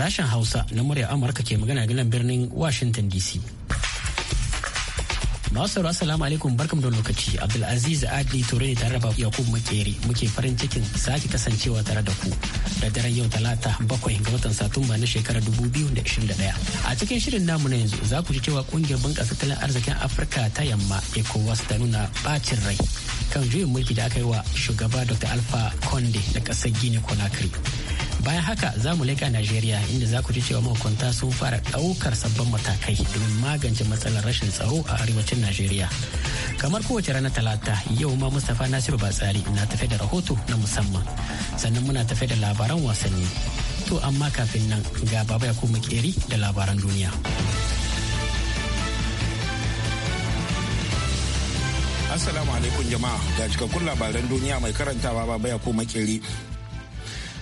Sashen Hausa na murya Amurka ke magana gidan birnin Washington DC. Masu assalamu alaikum barkam da lokaci Abdulaziz Adli Ture ne tare da Yakub Makeri muke farin cikin sake kasancewa tare da ku da daren yau talata bakwai ga watan Satumba na shekarar 2021. A cikin shirin namu na yanzu za ku ji cewa kungiyar bunƙasa tattalin arzikin Afirka ta yamma ECOWAS ta nuna bacin rai kan juyin mulki da aka yi wa shugaba Dr. Alpha Conde na kasar Guinea Conakry. bayan haka za mu leƙa najeriya inda za ku ji cewa mahukunta sun fara ɗaukar sabbin matakai domin magance matsalar rashin tsaro a arewacin najeriya kamar kowace ranar talata yau ma mustapha nasiru batsari na tafe da rahoto na musamman sannan muna tafe da labaran wasanni to amma kafin nan ga baba ya kuma keri da labaran duniya assalamu alaikum jama'a ga cikakkun labaran duniya mai karantawa baba ya kuma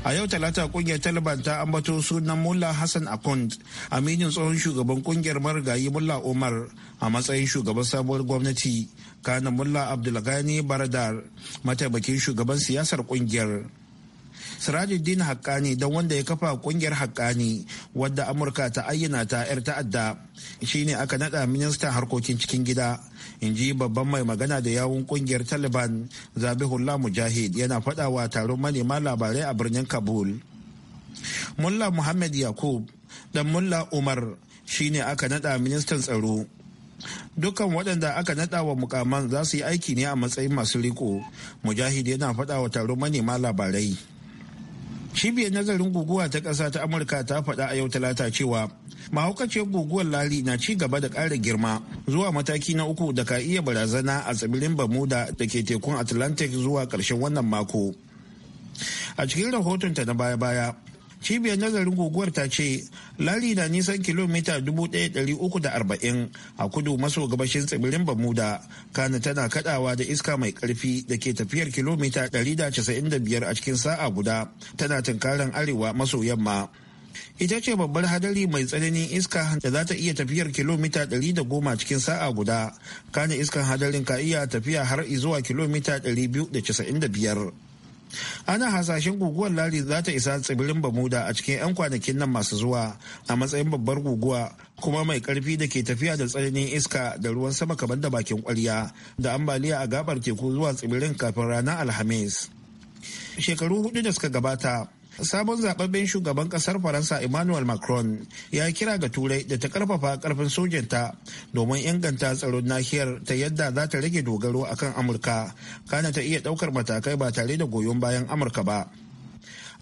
a yau talata kungiyar taliban ta ambato sunan mullah hassan akund aminin tsohon shugaban kungiyar marigayi mullah Umar a matsayin shugaban sabuwar gwamnati kana mullah abdulgani baradar mataimakin shugaban siyasar kungiyar Sirajuddin Hakkani don wanda ya kafa kungiyar Hakkani wadda Amurka ta ayyana ta 'yar ta'adda shine aka nada ministan harkokin cikin gida in ji babban mai magana da yawun kungiyar Taliban Zabihullah Mujahid yana faɗawa taron manema labarai a birnin Kabul. Mulla Muhammad Yakub da Mulla Umar shine aka nada ministan tsaro. dukkan waɗanda aka naɗa wa mukaman za su yi aiki ne a matsayin masu riko mujahid yana faɗa wa taron manema labarai cibiyar nazarin guguwa ta ƙasa ta amurka ta faɗa a yau talata cewa mahaukaciyar guguwar lali na ci gaba da ƙara girma zuwa mataki na uku da ka iya barazana a tsibirin bermuda da ke tekun atlantic zuwa ƙarshen wannan mako a cikin rahotonta na baya-baya cibiyar nazarin guguwar ta ce lari na nisan kilomita 1340 a kudu maso gabashin tsibirin bamuda kana tana kadawa da iska mai karfi da ke tafiyar kilomita 195 a cikin sa'a guda tana tunkarin arewa maso yamma ita ce babbar hadari mai tsananin iska da za ta iya tafiyar kilomita 110 cikin sa'a guda kana iskan hadarin ka iya tafiya har zuwa kilomita 295 ana hasashen guguwar lari za ta isa tsibirin bamuda a cikin 'yan kwanakin nan masu zuwa a matsayin babbar guguwa kuma mai karfi da ke tafiya da tsananin iska da ruwan sama kamar da bakin kwarya da ambaliya a gabar teku zuwa tsibirin kafin ranar alhamis shekaru hudu da suka gabata sabon zababben shugaban kasar faransa emmanuel macron ya kira ga turai da ta karfafa karfin sojanta domin inganta tsaron nahiyar ta yadda za ta rage dogaro akan amurka kana ta iya daukar matakai ba tare da goyon bayan amurka ba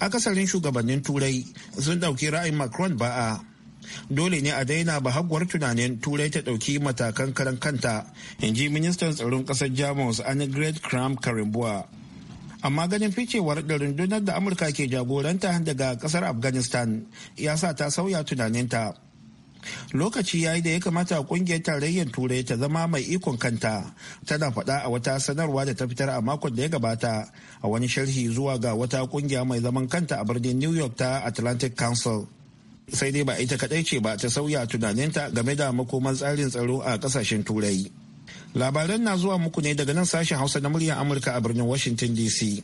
akasarin shugabannin turai sun dauki ra'ayin macron ba'a dole ne a daina bahaguwar tunanin turai ta dauki matakan karan kanta in ji ministan tsaron kasar jamus annegret kram karimbuwa amma ganin ficewar da rundunar da amurka ke jagoranta daga kasar afghanistan ya sa ta sauya tunaninta lokaci yayi da ya kamata kungiyar tarayyar turai ta zama mai ikon kanta tana faɗa a wata sanarwa da ta fitar a makon da ya gabata a wani sharhi zuwa ga wata kungiya mai zaman kanta a birnin new york ta atlantic council sai dai ba ita kadai ce ba ta sauya tunaninta game da makoman tsarin tsaro a kasashen turai labaran na zuwa muku ne daga nan sashen hausa na muryar amurka a birnin washington dc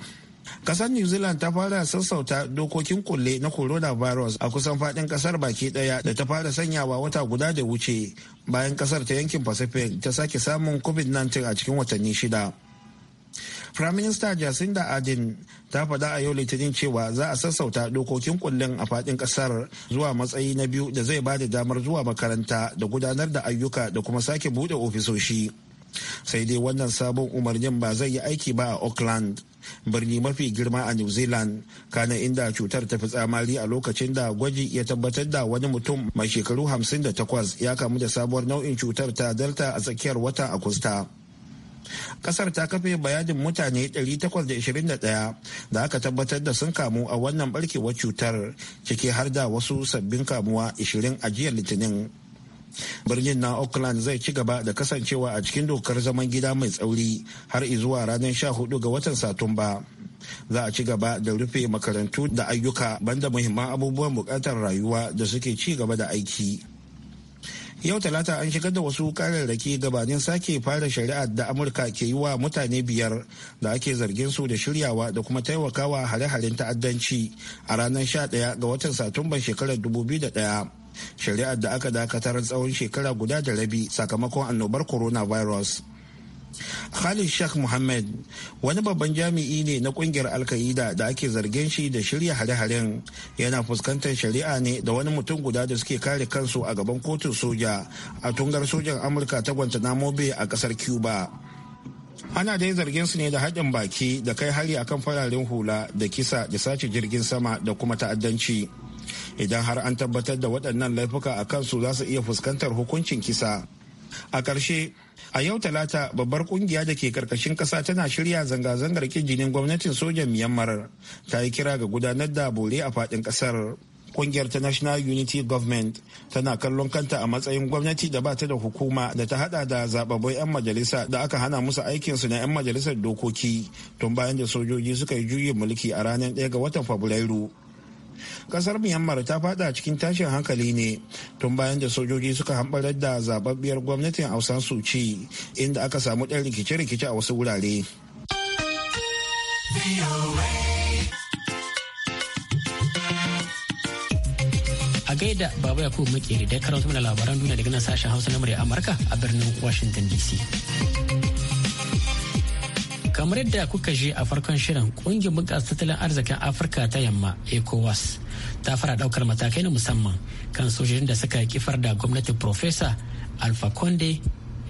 kasar new zealand ta fara sassauta dokokin kulle na Corona virus a kusan fadin kasar baki daya da ta fara sanyawa wata guda da wuce bayan kasar ta yankin pacific ta sake samun covid-19 a cikin watanni shida prime minister jacinda ardern ta faɗa a yau litinin cewa za a sassauta dokokin kullum a fadin ƙasar zuwa matsayi na biyu da zai ba da damar zuwa makaranta da gudanar da ayyuka da kuma sake buɗe ofisoshi sai dai wannan sabon umarnin ba zai yi aiki ba a auckland birni mafi girma a new zealand kana inda cutar ta fi tsamari a lokacin da gwaji ya tabbatar da wani mutum mai shekaru 58 ya kamu da sabuwar nau'in cutar ta delta a tsakiyar wata agusta kasar ta kafe bayanin mutane 821 da aka tabbatar da sun kamu a wannan barkewar cutar ciki har da wasu sabbin kamuwa 20 a jiya litinin birnin na auckland zai ci gaba da kasancewa a cikin dokar zaman gida mai tsauri har zuwa ranar 14 ga watan satumba za a ci gaba da rufe makarantu da ayyuka banda muhimman abubuwan bukatar rayuwa da suke ci gaba da aiki yau talata an shigar da wasu kararraki gabanin sake fara shari'ar da amurka ke yi wa mutane biyar da ake zargin su da shiryawa da kuma taimakawa hare-haren ta'addanci a ranar 11 ga watan satumban shekarar 2001 shari'ar da aka dakatar tsawon shekara guda da rabi sakamakon annobar coronavirus khalid sheikh mohammed wani babban jami'i ne na kungiyar alka'ida da ake zargin shi da shirya hare-haren yana fuskantar shari'a ne da wani mutum guda da suke kare kansu a gaban kotun soja a tungar sojan amurka ta guantanamo bay a kasar cuba ana dai zargin su ne da haɗin baki da kai hari akan fararen hula da kisa da sace jirgin sama da kuma ta'addanci. idan har an tabbatar da waɗannan laifuka a kansu za su iya fuskantar hukuncin kisa a ƙarshe a yau talata babbar ƙungiya da ke karkashin ƙasa tana shirya zanga-zangar ƙin jinin gwamnatin sojan myanmar ta yi kira ga gudanar da bore a faɗin ƙasar ƙungiyar ta national unity government tana kallon kanta a matsayin gwamnati da ba ta da hukuma da ta hada da zababbai 'yan majalisa da aka hana musu aikinsu na 'yan majalisar dokoki tun bayan da sojoji suka yi juyin mulki a ranar 1 ga watan fabrairu kasar myanmar ta fada cikin tashin hankali ne tun bayan da sojoji suka hambarar da zababbiyar gwamnatin ausan suci inda aka samu ɗan rikice-rikice a wasu wurare a gaida baba yakubu makeri da karanta mana labaran duniya daga nan sashen hausa na murya amurka a birnin washington dc kamar yadda kuka je a farkon shirin kungiyar bunƙasa tattalin arzikin afirka ta yamma ecowas ta fara daukar matakai na musamman kan sojojin da suka kifar da gwamnatin profesa alfa conde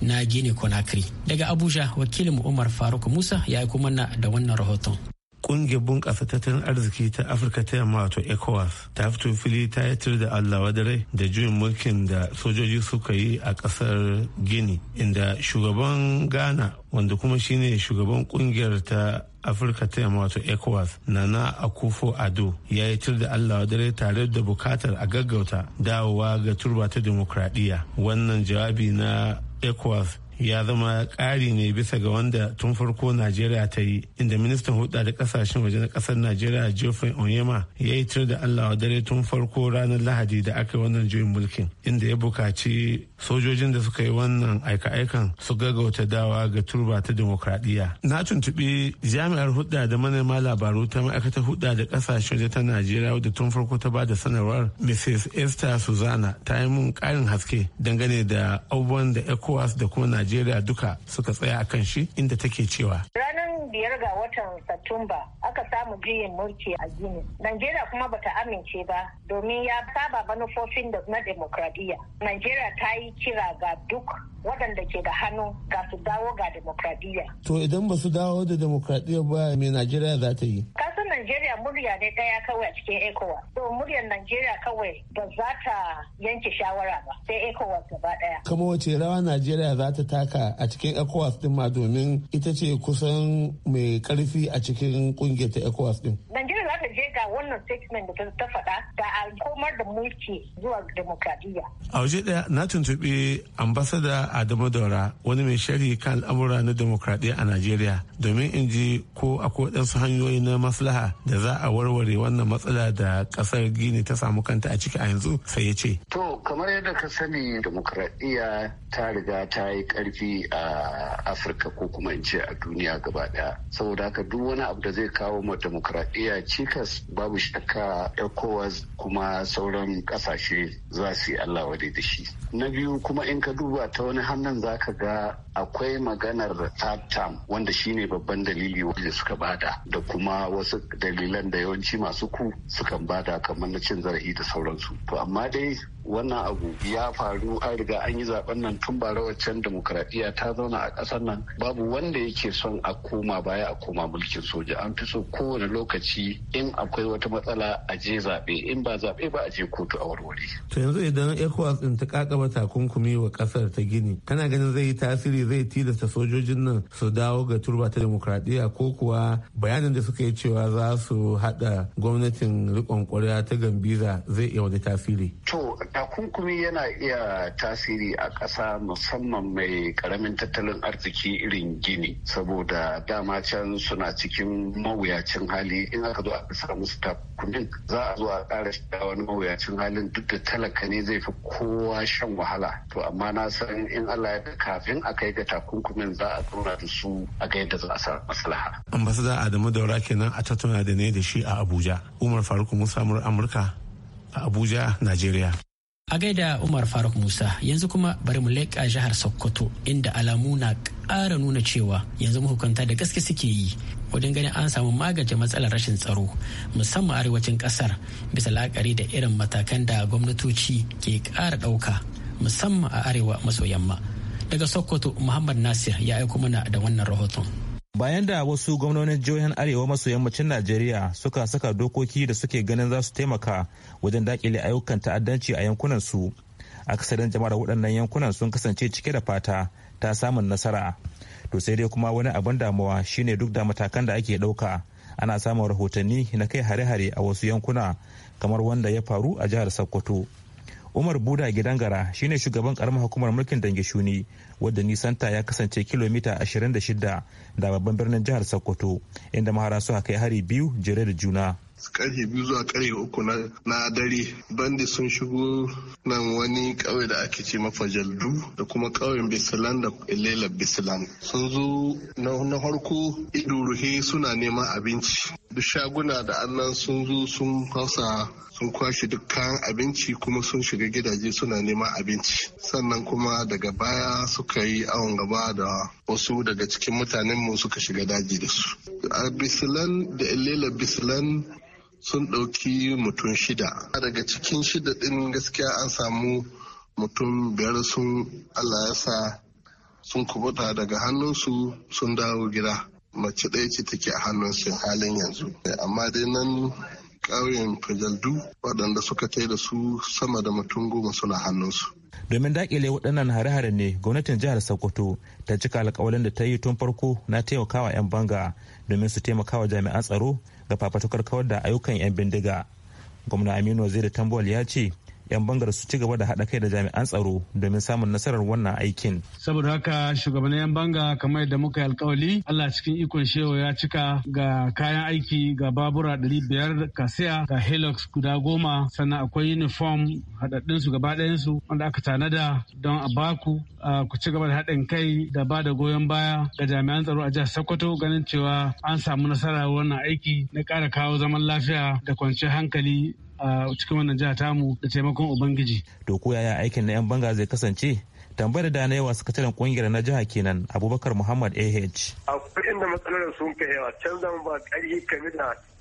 na gini conakry daga abuja wakilin umar faruk musa ya yi kuma da wannan rahoton kungiyar bunƙasa tattalin arziki ta afirka ta yamma wato ecowas ta fito fili ta yi da allah wadarai da juyin mulkin da sojoji suka yi a ƙasar gini inda shugaban ghana wanda kuma shine shugaban kungiyar ta afirka ta yamma wato ecowas nana akufo ado ya yi tir da allah dare tare da bukatar a gaggauta dawowa ga turba ta demokradiyya wannan jawabi na ecowas ya zama ƙari ne bisa ga wanda tun farko najeriya ta yi inda ministan hulɗa da ƙasashen waje na ƙasar najeriya geoffrey onyema ya yi tir da allah dare tun farko ranar lahadi da aka yi wannan juyin mulkin inda ya bukaci sojojin da suka yi wannan aika-aikan su gaggauta dawa ga turba ta demokradiyya. Na tuntubi jami'ar hudda da manema labaru ta ma'aikatar hudda da kasashen da ta Najeriya wadda tun farko ta bada sanarwar Mrs. Esther Suzana ta yi mun karin haske dangane da abubuwan da ECOWAS da kuma Najeriya duka suka tsaya a kan shi inda take cewa. ranar biyar ga watan Satumba aka samu juyin mulki a Gini. Najeriya kuma bata amince ba domin ya saba manufofin da na demokradiyya. Najeriya ta yi kira ga duk waɗanda ke da hannu ga su dawo ga demokradiyya. To idan ba su dawo da demokradiyya ba mai Najeriya za ta yi? Kasan Najeriya murya ne ɗaya kawai a cikin ECOWA. To muryar Najeriya kawai ba za ta yanke shawara ba sai ECOWA gaba ɗaya. kamar wace rawa Najeriya za ta taka a cikin ECOWAS din ma domin ita ce kusan mai karfi a cikin ƙungiyar ta ECOWAS ɗin. Najeriya za ta je ga wannan statement da ta faɗa da a komar da mulki zuwa demokradiyya. A waje ɗaya na tuntuɓi ambasada Adamu Daura wani mai shari kan al'amura na demokradiyya a Najeriya domin in ji ko akwai ɗansu hanyoyi na maslaha da za a warware wannan matsala da ƙasar Gini ta samu kanta a ciki a yanzu sai ya ce. To kamar yadda ka sani demokradiyya ta riga ta yi ƙarfi a Afirka ko kuma in ce a duniya gaba ɗaya. Saboda haka duk wani abu da zai kawo ma demokradiyya cikas babu shakka ECOWAS kuma sauran kasashe za su yi Allah wadai da shi. Na biyu kuma in ka duba ta wani hannun za ka ga akwai maganar third wanda shine babban dalili wanda suka bada da kuma wasu dalilan da yawanci masu ku sukan bada kamar na cin zarafi da sauransu to amma dai wannan abu ya faru an riga an yi zaben nan tun bara waccan demokradiyya ta zauna a ƙasar nan babu wanda yake son a koma baya a koma mulkin soja an fi so kowane lokaci in akwai wata matsala a je zaɓe in ba zaɓe ba a je kotu a warware. to yanzu idan ecowas ɗin ta kakaba takunkumi wa ƙasar ta gini kana ganin zai yi tasiri zai tilasta sojojin nan su dawo ga turba ta demokradiyya ko kuwa bayanin da suka yi cewa za su hada gwamnatin rikon kwarya ta gambiza zai iya wani tasiri. To takunkumi yana iya tasiri a ƙasa musamman mai karamin tattalin arziki irin gini saboda dama can suna cikin mawuyacin hali in aka zo a ƙasar musu takunkumin za a zo a ƙara shiga wani mawuyacin halin duk da talaka ne zai fi kowa shan wahala to amma na san in Allah ya kafin a kai ga takunkumin za a tura da su a ga yadda za a samu maslaha. ambasada adamu daura kenan a tattauna da ne da shi a abuja umar faruk musa amurka a abuja nigeria. a gaida umar faruk musa yanzu kuma bari mu leƙa jihar sokoto inda alamu na ƙara nuna cewa yanzu mahukunta da gaske suke yi wajen ganin an samu magance matsalar rashin tsaro musamman arewacin ƙasar bisa la'akari da irin matakan da gwamnatoci ke ƙara ɗauka musamman a arewa maso yamma daga sokoto muhammad nasir ya aiko mana da wannan rahoton bayan da wasu gwamnonin jihohin arewa maso yammacin najeriya suka saka dokoki da suke ganin za su taimaka wajen dakile ayyukan ta'addanci a yankunan su akasarin jama'ar waɗannan yankunan sun kasance cike da fata ta samun nasara to sai dai kuma wani abin damuwa shine duk da matakan da ake ɗauka ana samun rahotanni na kai hare-hare a wasu yankuna kamar wanda ya faru a jihar sokoto umar buda gidangara gara shine shugaban karamar hukumar mulkin dangishuni wadda nisanta ya kasance kilomita 26 da babban birnin jihar sokoto inda mahara suka kai hari biyu jere da juna karfe biyu zuwa karfe uku na dare bandi sun shigo nan wani kawai da ake ce mafajaldu da kuma kawai bisilan da ilela bisilan sun zo na farko ido suna neman abinci duk shaguna da annan sun zo sun fasa sun kwashe duk kayan abinci kuma sun shiga gidaje suna neman abinci sannan kuma daga baya suka yi awon gaba da wasu daga cikin mutanenmu suka shiga daji da su a bisilan da ilela bisilan sun ɗauki mutum shida daga cikin shida ɗin gaskiya an samu mutum biyar sun allah ya sa sun kubuta daga hannunsu sun dawo gida mace ɗaya ce take a hannun hannunsu halin yanzu amma dai nan ƙauyen fajaldu waɗanda suka tai da su sama da mutum goma suna hannunsu. domin dakile waɗannan hare-hare ne gwamnatin jihar sokoto ta cika alƙawalin da ta yi tun farko na taimakawa 'yan banga domin su taimakawa jami'an tsaro ga fafatukar kawar da ayyukan 'yan bindiga gwamna aminu zai da tambol ya ce 'yan bangar su ci gaba da haɗa kai da jami'an tsaro domin samun nasarar wannan aikin. Saboda haka shugabannin 'yan banga kamar yadda muka yi alkawali Allah cikin ikon shewa ya cika ga kayan aiki ga babura ɗari biyar kasiya ga helix guda goma sannan akwai uniform haɗaɗɗin su gaba ɗayan wanda aka tanada don a baku ku ci gaba da haɗin kai da ba da goyon baya ga jami'an tsaro a jihar Sokoto ganin cewa an samu nasara wannan aiki na kara kawo zaman lafiya da kwanciyar hankali a cikin wannan jiha tamu da taimakon ubangiji to ko yaya aikin na yan banga zai kasance tambayar da na yawa sakataren kungiyar na jiha kenan abubakar muhammad ah akwai inda matsalar sun kai yawa can zan ba ƙarfi kame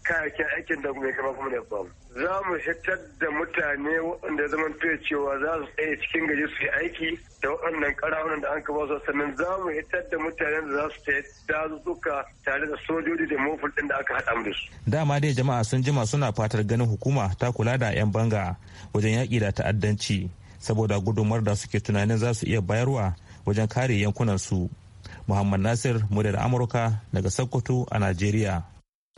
kayakin aikin da mai kama kuma da bamu za mu fitar da mutane waɗanda zama tuya cewa za su tsaye cikin gari su yi aiki da waɗannan ƙarahunan da an kaba su sannan za mu fitar da mutanen da za su tsaye dazuzzuka tare da sojoji da mofin ɗin da aka haɗa mu da su. dama dai jama'a sun jima suna fatar ganin hukuma ta kula da 'yan banga wajen yaƙi da ta'addanci saboda gudumar da suke tunanin za su iya bayarwa wajen kare yankunan su. Muhammad Nasir, muryar Amurka daga Sokoto a Najeriya.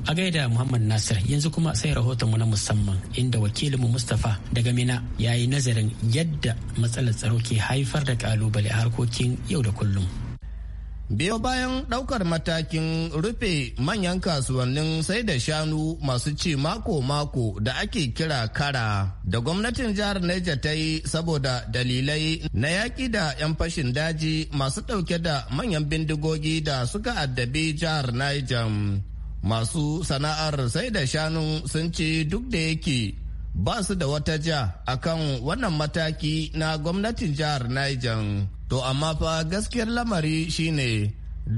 A gaida Muhammad Nasir yanzu kuma sai rahotonmu na musamman inda wakilinmu Mustapha daga Mina ya yi nazarin yadda matsalar tsaro ke haifar da kalubale a harkokin yau da kullum. Biyo bayan ɗaukar matakin rufe manyan kasuwannin sai da shanu masu ci mako-mako da ake kira kara da gwamnatin jihar Niger ta yi saboda dalilai na yaƙi da 'yan fashin daji masu ɗauke da manyan bindigogi da suka addabi jihar Niger. masu sana'ar sai da shanu sun ce duk da yake ba su da wata ja akan wannan mataki na gwamnatin jihar Niger. To amma fa gaskiyar lamari shine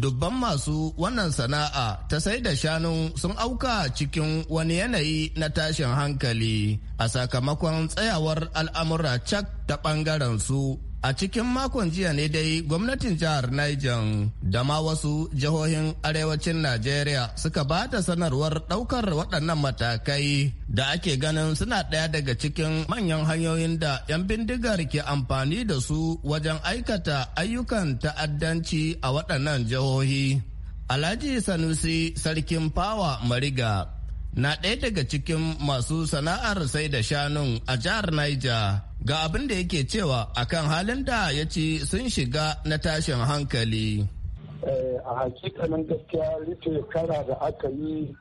dubban masu wannan sana'a ta sai da shanu sun auka cikin wani yanayi na tashin hankali a sakamakon tsayawar al'amura cak ta bangaren su A cikin makon jiya ne dai gwamnatin jihar Niger da ma wasu jihohin arewacin Najeriya suka ba da sanarwar ɗaukar waɗannan matakai da ake ganin suna ɗaya daga cikin manyan hanyoyin da 'yan bindigar ke amfani da su wajen aikata ayyukan ta'addanci a waɗannan jihohi. Alhaji Sanusi Sarkin Fawa Mariga na ɗaya daga cikin masu sana'ar sai da shanun a jihar Niger ga abin da yake cewa akan halin da ya ci sun shiga na tashin hankali. Eh, a hakikanin gaskiya rufe kara da aka yi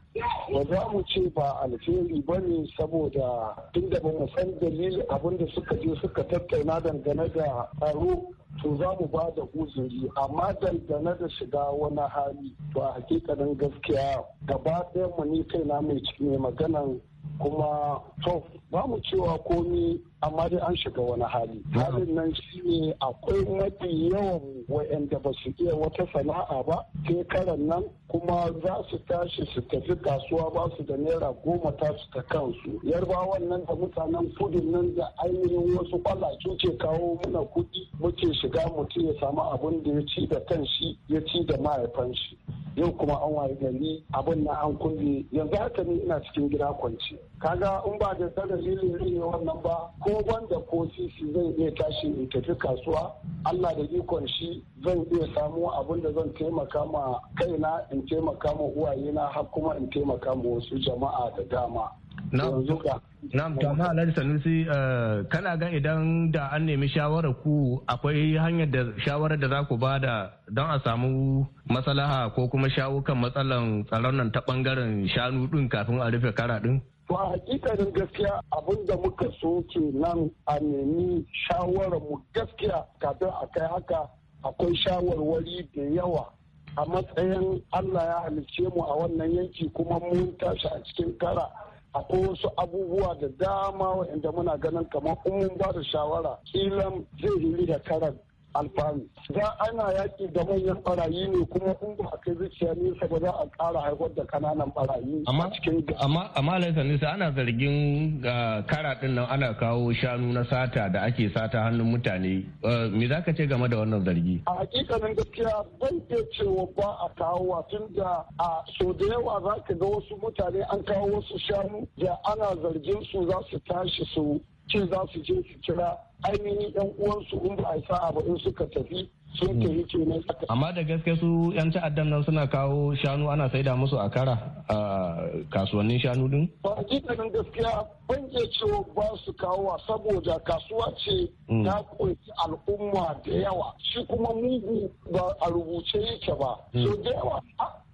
ba za mu ce ba alheri ba ne saboda tun da ba mu san dalilin abin da suka je suka tattauna dangane da tsaro to za mu ba da uzuri amma dangane da shiga wani hali to a hakikanin gaskiya gaba ɗaya mu ni kaina mai maganan kuma to ba mu cewa komi amma dai an shiga wani hali halin nan ne akwai mafi yawan wa'anda ba su iya wata sana'a ba Ke karan nan kuma za su tashi su tafi kasuwa ba su da naira goma ta su ta kansu yarbawan nan da mutanen kudin nan da ainihin wasu kwalace ke kawo mana kudi muke shiga mutum ya samu abin da ya ci da kanshi ya ci da mahaifan shi yau kuma an waye gari abin na an kulle yanzu haka ni ina cikin gida kwanci kaga in ba da sanar ne wannan ba ko wanda ko sisi zai iya tashi in tafi kasuwa Allah da ikon shi zan iya samu abin da zan taimaka ma kaina in taimaka ma uwayena har kuma in taimaka ma wasu jama'a da dama yanzu Na'am to amma Alhaji Sanusi eh, kana ga idan da an nemi shawara ku akwai hanyar da shawarar da za ku bada don a samu matsalaha ko kuma shawo kan matsalan tsaron nan ta bangaren shanu din kafin a rufe kara din? To a hakikanin gaskiya abin da muka so ke nan a nemi shawarar mu gaskiya kafin a kai haka akwai shawarwari da yawa a matsayin Allah ya halicce mu a wannan yanki kuma mun tashi a cikin kara. akwai wasu abubuwa da dama wa'inda muna ganin kamar umun mun ba da shawara tsilan zai yi da karan alfanu za ana yaƙi da manyan barayi ne kuma in ba a kai zuciya nesa ba za a ƙara haihuwar da kananan barayi a cikin amma amma nisa ana zargin kara din nan ana kawo shanu na sata da ake sata hannun mutane eh, me za ka ce game da wannan zargi a hakikanin gaskiya ban iya cewa ba a kawo tun da a so da yawa za ka ga wasu mutane an kawo wasu shanu da ana zargin su za su tashi su ce za su je su kira ainihin yan uwansu in ba a sa ba in suka tafi sun hmm. tafi kenan amma da gaske su yan ta'addan nan suna kawo shanu ana saida musu a kara a kasuwannin shanu din ba hakikanin gaskiya ban iya cewa ba su kawo saboda kasuwa ce hmm. ta kunshi al'umma da yawa shi kuma mugu ba a rubuce yake ba hmm. so da yawa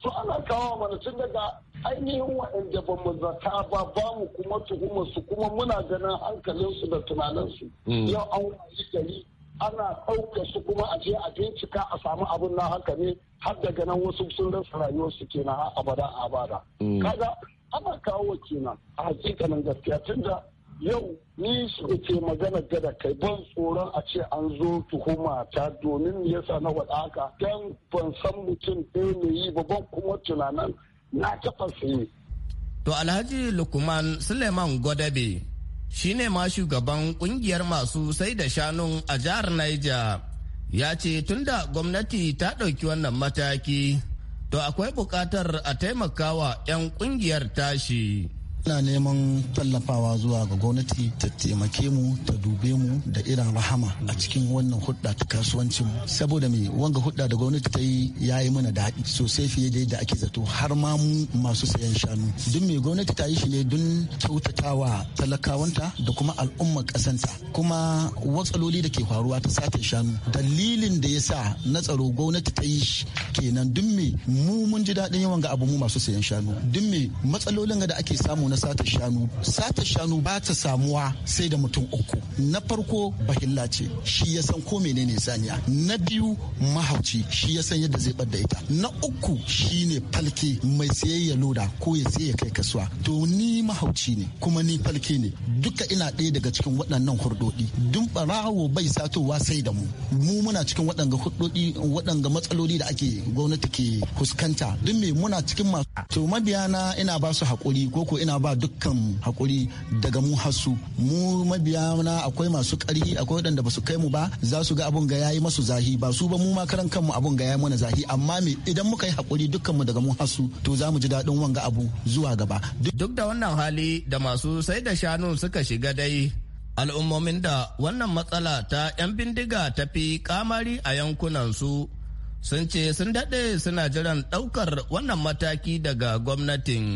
to ana kawo mana tun daga ainihin waɗanda ba mu zata ba ba mu kuma tuhumar su kuma muna ganin hankalinsu da tunaninsu mm. yau an wani gari ana ɗaukar su kuma a je a bincika a samu abin na haka ne har da ganin wasu sun rasa su kenan abada abada mm. kaga ana kawo kenan a hakikanin gaskiya tunda yau ni su ke magana gada kai ban tsoron a ce an zo tuhuma ta domin ya na wada haka dan ban san mutum ɗaya ne yi ba ban kuma tunanin na taɓa ne. To Alhaji Lukman Suleiman Gwadabe shi ne ma shugaban ƙungiyar masu sai da shanun a jihar Niger ya ce tunda gwamnati ta ɗauki wannan mataki to akwai buƙatar a taimakawa 'yan ƙungiyar tashi. Ina neman tallafawa zuwa ga gwamnati ta taimake mu ta dube mu da irin rahama a cikin wannan hudda ta kasuwancin mu. Saboda me wanga hudda da gwamnati ta yi ya yi mana daɗi sosai fiye da yadda ake zato har ma mu masu sayan shanu. Duk me gwamnati ta yi shi ne don kyautatawa talakawanta da kuma al'ummar ƙasanta. Kuma watsaloli da ke faruwa ta satin shanu. Dalilin da ya sa na tsaro gwamnati ta yi kenan duk me mu mun ji daɗin yawan ga abu mu masu sayan shanu. Duk me matsalolin da ake samu na sata shanu sata shanu ba ta samuwa sai da mutum uku na farko bahilla ce shi ya san ko menene saniya na biyu mahauci shi ya san yadda zai bar da ita na uku shine falke mai sayayya loda ko ya sai ya kai kasuwa to ni mahauci ne kuma ni falke ne duka ina ɗaya daga cikin waɗannan hurdodi dun barawo bai satowa sai da mu mu muna cikin waɗanga hurdodi waɗanga matsaloli da ake gwamnati ke fuskanta dun me muna cikin masu to mabiya na ina ba su haƙuri ko ko ina ba dukkan hakuri daga mu hasu mu mabiya na akwai masu ƙarfi akwai waɗanda ba su kai mu ba za su ga abun ga yayi masu zahi ba su ba mu ma karan kanmu abun ga yayi mana zahi amma me idan muka yi hakuri dukkan mu daga mu hasu to za mu ji daɗin wanga abu zuwa gaba duk da wannan hali da masu sai da shanu suka shiga dai al'ummomin da wannan matsala ta 'yan bindiga ta fi kamari a yankunansu sun ce sun daɗe suna jiran ɗaukar wannan mataki daga gwamnatin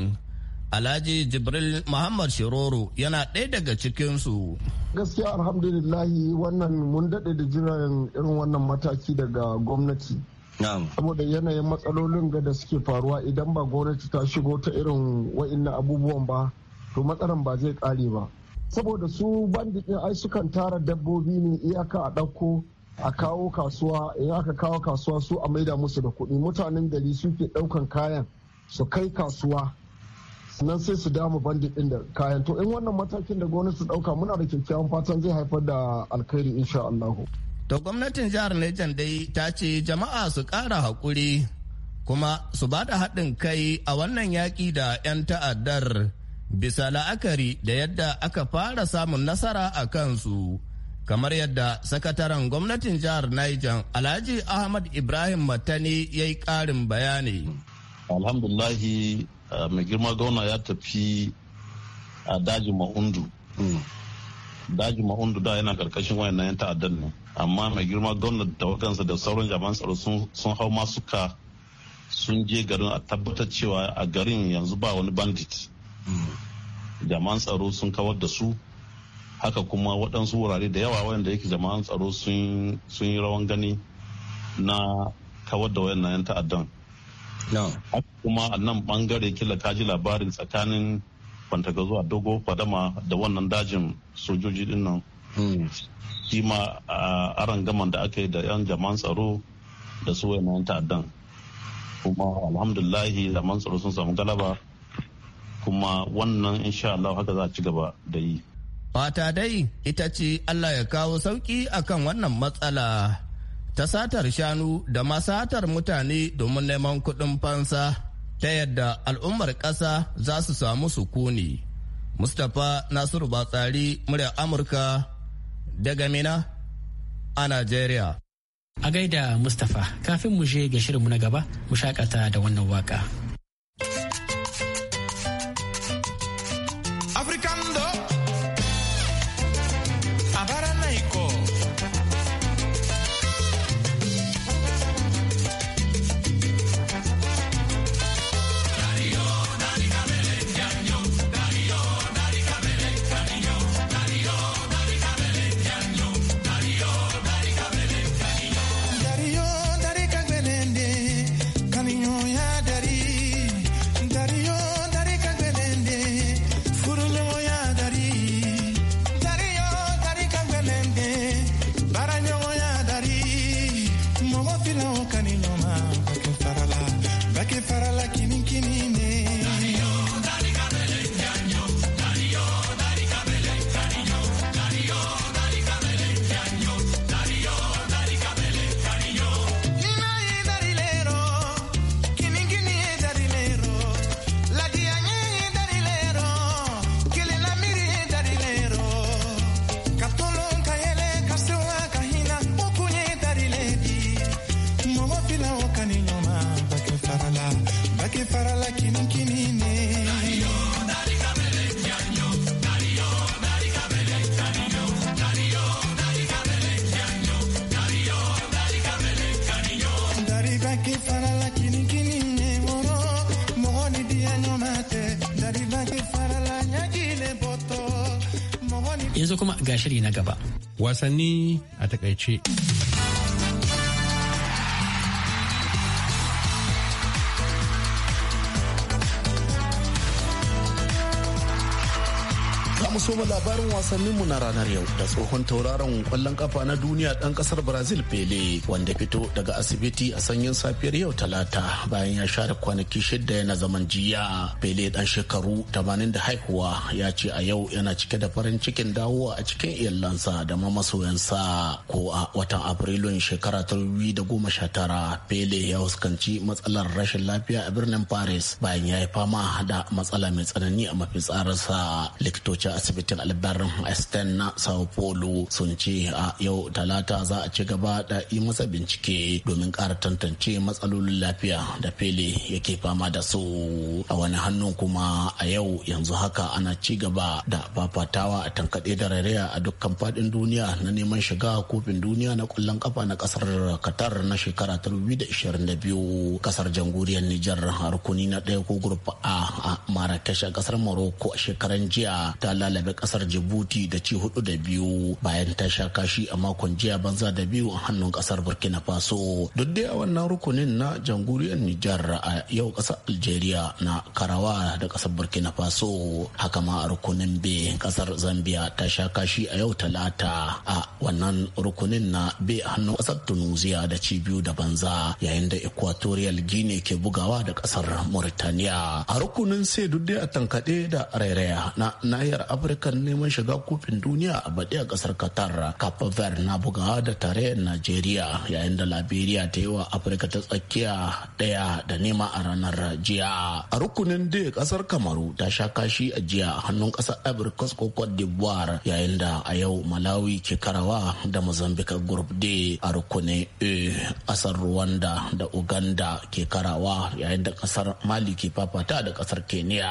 Alhaji Jibril Muhammad Shiroro yana ɗaya daga cikinsu. Gaskiya alhamdulillahi wannan mun daɗe da jiran irin wannan mataki daga gwamnati. Saboda yanayin matsalolin ga da suke faruwa idan ba gwamnati ta shigo ta irin wa'in abubuwan ba, to matsalan ba zai kare ba. Saboda su bandikin ai sukan tara dabbobi ne iyaka a ɗauko a kawo kasuwa in aka kawo kasuwa su a maida musu da kuɗi mutanen gari suke ɗaukan kayan su kai kasuwa nan sai su dama bandit din da kayan to in wannan matakin da gwamnati su dauka muna da kyakkyawan fatan zai haifar da alkhairi insha Allah to gwamnatin jihar Niger dai ta ce jama'a su kara hakuri kuma su ba da haɗin kai a wannan yaƙi da 'yan ta'addar bisa la'akari da yadda aka fara samun nasara a kansu kamar yadda sakataren gwamnatin jihar Niger Alhaji Ahmad Ibrahim Matani ya yi ƙarin bayani. Alhamdulahi Eh, mai girma gauna ya tafi a daji ma'undu hmm. daji ma'undu da yana karkashin wayan yan ta'addan ne amma mai girma gauna da wakansa da sauran jaman tsaro sun hau masuka sun je garin a tabbatar cewa a garin yanzu ba wani bandit hmm. Jaman tsaro sun kawar da su haka kuma waɗansu wurare da yawa wanda yake jaman tsaro sun yi rawan gani na kawar da wayan yan ta'addan kuma a nan bangare kila ta ji labarin tsakanin kwantaka zuwa dogo fadama da wannan dajin sojoji din nan hmm. shi ma aran gaman da aka yi da yan jaman tsaro da su wayan ta'addan kuma alhamdulahi jaman tsaro sun samu galaba kuma wannan insha Allah haka za a ci gaba da yi fata dai ita ce Allah ya kawo sauki akan wannan matsala ta satar shanu da ma satar mutane domin neman kuɗin fansa ta yadda al'ummar ƙasa za su samu sukuni. Mustapha Nasiru Batsari murya Amurka daga Mina a Najeriya. A gaida Mustapha kafin mu je ga shirinmu na gaba mu shakata da wannan waka. shiri na gaba. Wasanni a takaice. mu soma labarin mu na ranar yau da tsohon tauraron kwallon kafa na duniya dan kasar Brazil Pele wanda fito daga asibiti a sanyin safiyar yau talata bayan ya share kwanaki shida yana zaman jiya. Pele dan shekaru 80 da haihuwa ya ce a yau yana cike da farin cikin dawowa a cikin iyalansa da ma masoyansa ko a watan Afrilun shekara ta tara Pele ya fuskanci matsalar rashin lafiya a birnin Paris bayan ya yi fama da matsala mai tsanani a mafitsararsa likitoci asibitin albarin Esten na Sao Paulo sun ce a yau talata za a ci gaba da yi masa bincike domin ƙara tantance matsalolin lafiya da fele yake fama da su a wani hannun kuma a yau yanzu haka ana ci gaba da fafatawa a tankaɗe da rairaya a dukkan faɗin duniya na neman shiga kofin duniya na kwallon kafa na ƙasar Qatar na shekara ta 2022 ƙasar jamhuriyar Nijar harkuni na ɗaya ko gurfa A a Marrakesh a ƙasar Morocco a shekaran jiya ta lalata lalabe kasar Djibouti da ci hudu da biyu bayan ta sha kashi a makon jiya banza da biyu a hannun kasar Burkina Faso. Duk dai a wannan rukunin na jamhuriyar Nijar a yau kasar Algeria na karawa da kasar Burkina Faso. Haka ma a rukunin B kasar Zambia ta sha kashi a yau talata a wannan rukunin na B a hannun ƙasar Tunisia da ci biyu da banza yayin da Equatorial Guinea ke bugawa da ƙasar Mauritania. A rukunin sai duk dai a tankaɗe da rairaya na nahiyar Afirka afirka neman shiga kofin duniya a baɗi a ƙasar qatar cape verde na bugawa da tarayyar najeriya yayin da liberia ta yi wa afirka ta tsakiya ɗaya da nema a ranar jiya a rukunin da ƙasar kamaru ta sha kashi a jiya hannun ƙasar ivory coast ko cote d'ivoire yayin da a yau malawi ke karawa da mozambique group d a rukunin e ƙasar rwanda da uganda ke karawa yayin da ƙasar mali ke fafata da ƙasar kenya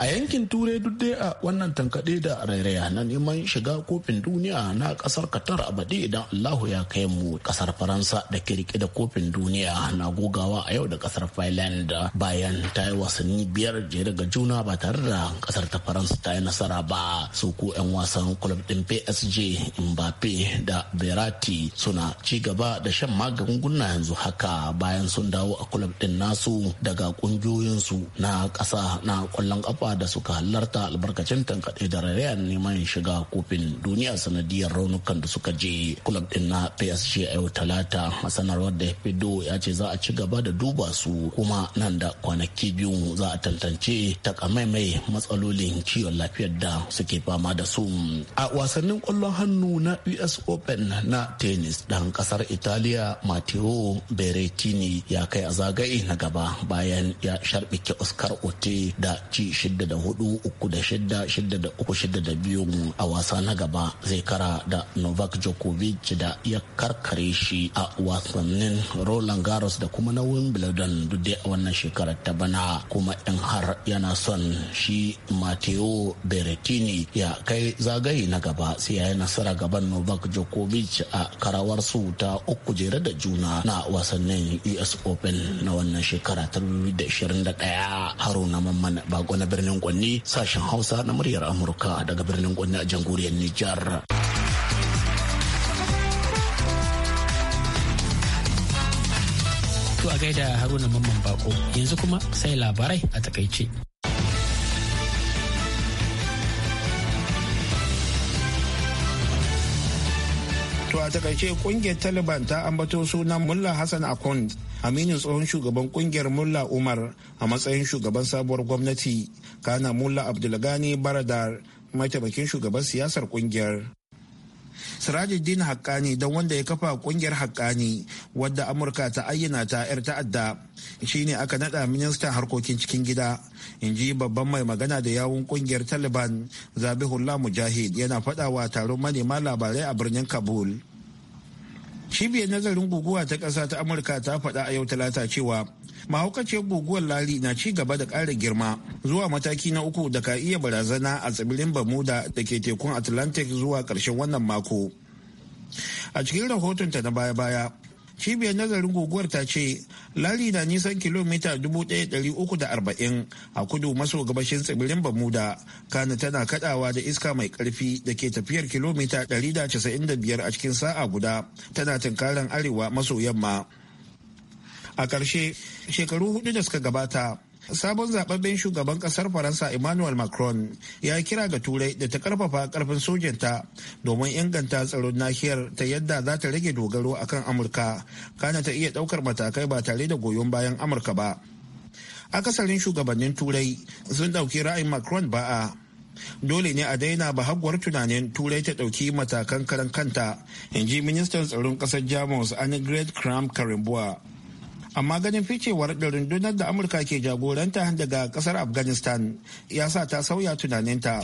a yankin turai duk dai a wannan tankaɗe kaɗe da rairaya na neman shiga kofin duniya na ƙasar Qatar a baɗi idan Allahu ya kai mu. Ƙasar Faransa da ke rike da kofin duniya na gogawa a yau da ƙasar Finland bayan ta yi wasanni biyar jere daga juna ba tare da ƙasar ta Faransa ta yi nasara ba. Su ko 'yan wasan kulub ɗin PSG Mbappe da Berati suna ci gaba da shan magunguna yanzu haka bayan sun dawo a kulub ɗin nasu daga ƙungiyoyinsu na ƙasa na ƙwallon ƙafa da suka halarta albarkacin tankaɗe ke da rayan neman shiga kofin duniya sanadiyar raunukan da suka je club din na PSG a yau talata a sanarwar da fido ya ce za a ci gaba da duba su kuma nan da kwanaki biyu za a tantance takamaimai matsalolin kiwon lafiyar da suke fama da su a wasannin kwallon hannu na US Open na tennis dan kasar Italiya Matteo Berrettini ya kai a zagaye na gaba bayan ya sharbike Oscar Ote da ci shidda da hudu uku da shidda shidda da 3 da biyu a wasa na gaba zai kara da novak djokovic da ya karkare shi a wasannin roland garros da kuma na wimbledon duk da wannan shekarar ta bana kuma in har yana son shi mateo berrettini ya kai zagaye na gaba sai ya yi nasara gaban novak djokovic a karawar su ta uku jere da juna na wasannin us open na wannan shekara ta 2021 haruna mamman bago na birnin kwanni sashen hausa na muryar amurka amurka daga birnin gwamnati a jamhuriyar nijar to a gaida haruna mamman bako yanzu kuma sai labarai a takaice To a takaice kungiyar Taliban ta ambato sunan Mullah Hassan Akund aminin tsohon shugaban kungiyar mulla umar a matsayin shugaban sabuwar gwamnati kana mulla abdulgani baradar mataimakin shugaban siyasar kungiyar din hakkani don wanda ya kafa ƙungiyar hakkani wadda amurka ta ayyana ta 'yar ta'adda shine aka naɗa ministan harkokin cikin gida in ji babban mai magana da yawun ƙungiyar taliban zabihullah mujahid yana faɗawa taron manema labarai a birnin kabul cibiyar nazarin guguwa ta ƙasa ta amurka ta faɗa a yau talata cewa mahaukaciyar guguwar lali na ci gaba da ƙara girma zuwa mataki na uku da ka iya barazana a tsibirin bermuda da ke tekun atlantic zuwa ƙarshen wannan mako a cikin rahotonta na baya-baya cibiyar nazarin guguwar ta ce lari na nisan kilomita 1340 a kudu maso gabashin tsibirin bamuda kana tana kadawa da iska mai karfi da ke tafiyar kilomita 195 a cikin sa'a guda tana tunkaran arewa maso yamma a ƙarshe shekaru hudu da suka gabata sabon zababben shugaban kasar faransa emmanuel macron ya kira ga turai da ta karfafa karfin sojanta domin inganta tsaron nahiyar ta yadda za ta rage dogaro akan amurka kana ta iya daukar matakai ba tare da goyon bayan amurka ba akasarin shugabannin turai sun dauki ra'ayin macron ba'a dole ne a daina ba haguwar tunanin turai ta dauki matakan karan kanta in ji ministan tsaron kasar jamus annegret kram karimbuwa amma ganin ficewar da rundunar da amurka ke jagoranta daga kasar afghanistan ya sa ta sauya tunaninta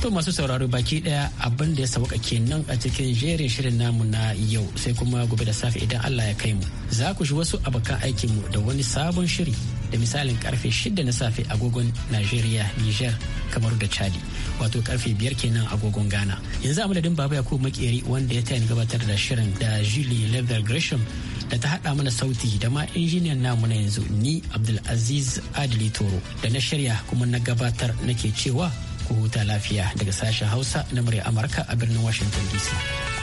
to masu sauraro baki daya abin da ya sauka kenan a cikin jerin shirin namu na yau sai kuma gobe da safe idan allah ya kai mu za ku shi wasu abokan aikinmu da wani sabon shiri da misalin karfe 6 na safe agogon Najeriya, Niger, kamar da Chadi, wato karfe 5 kenan agogon Ghana. Yanzu amadadin madadin Baba Yakubu Makeri wanda ya tayin gabatar da shirin da Julie Leather Gresham da ta haɗa mana sauti da ma injiniyan namu na yanzu ni Abdulaziz Adili Toro da na shirya kuma na gabatar nake cewa ku huta lafiya daga sashen Hausa na murya Amurka a birnin Washington DC.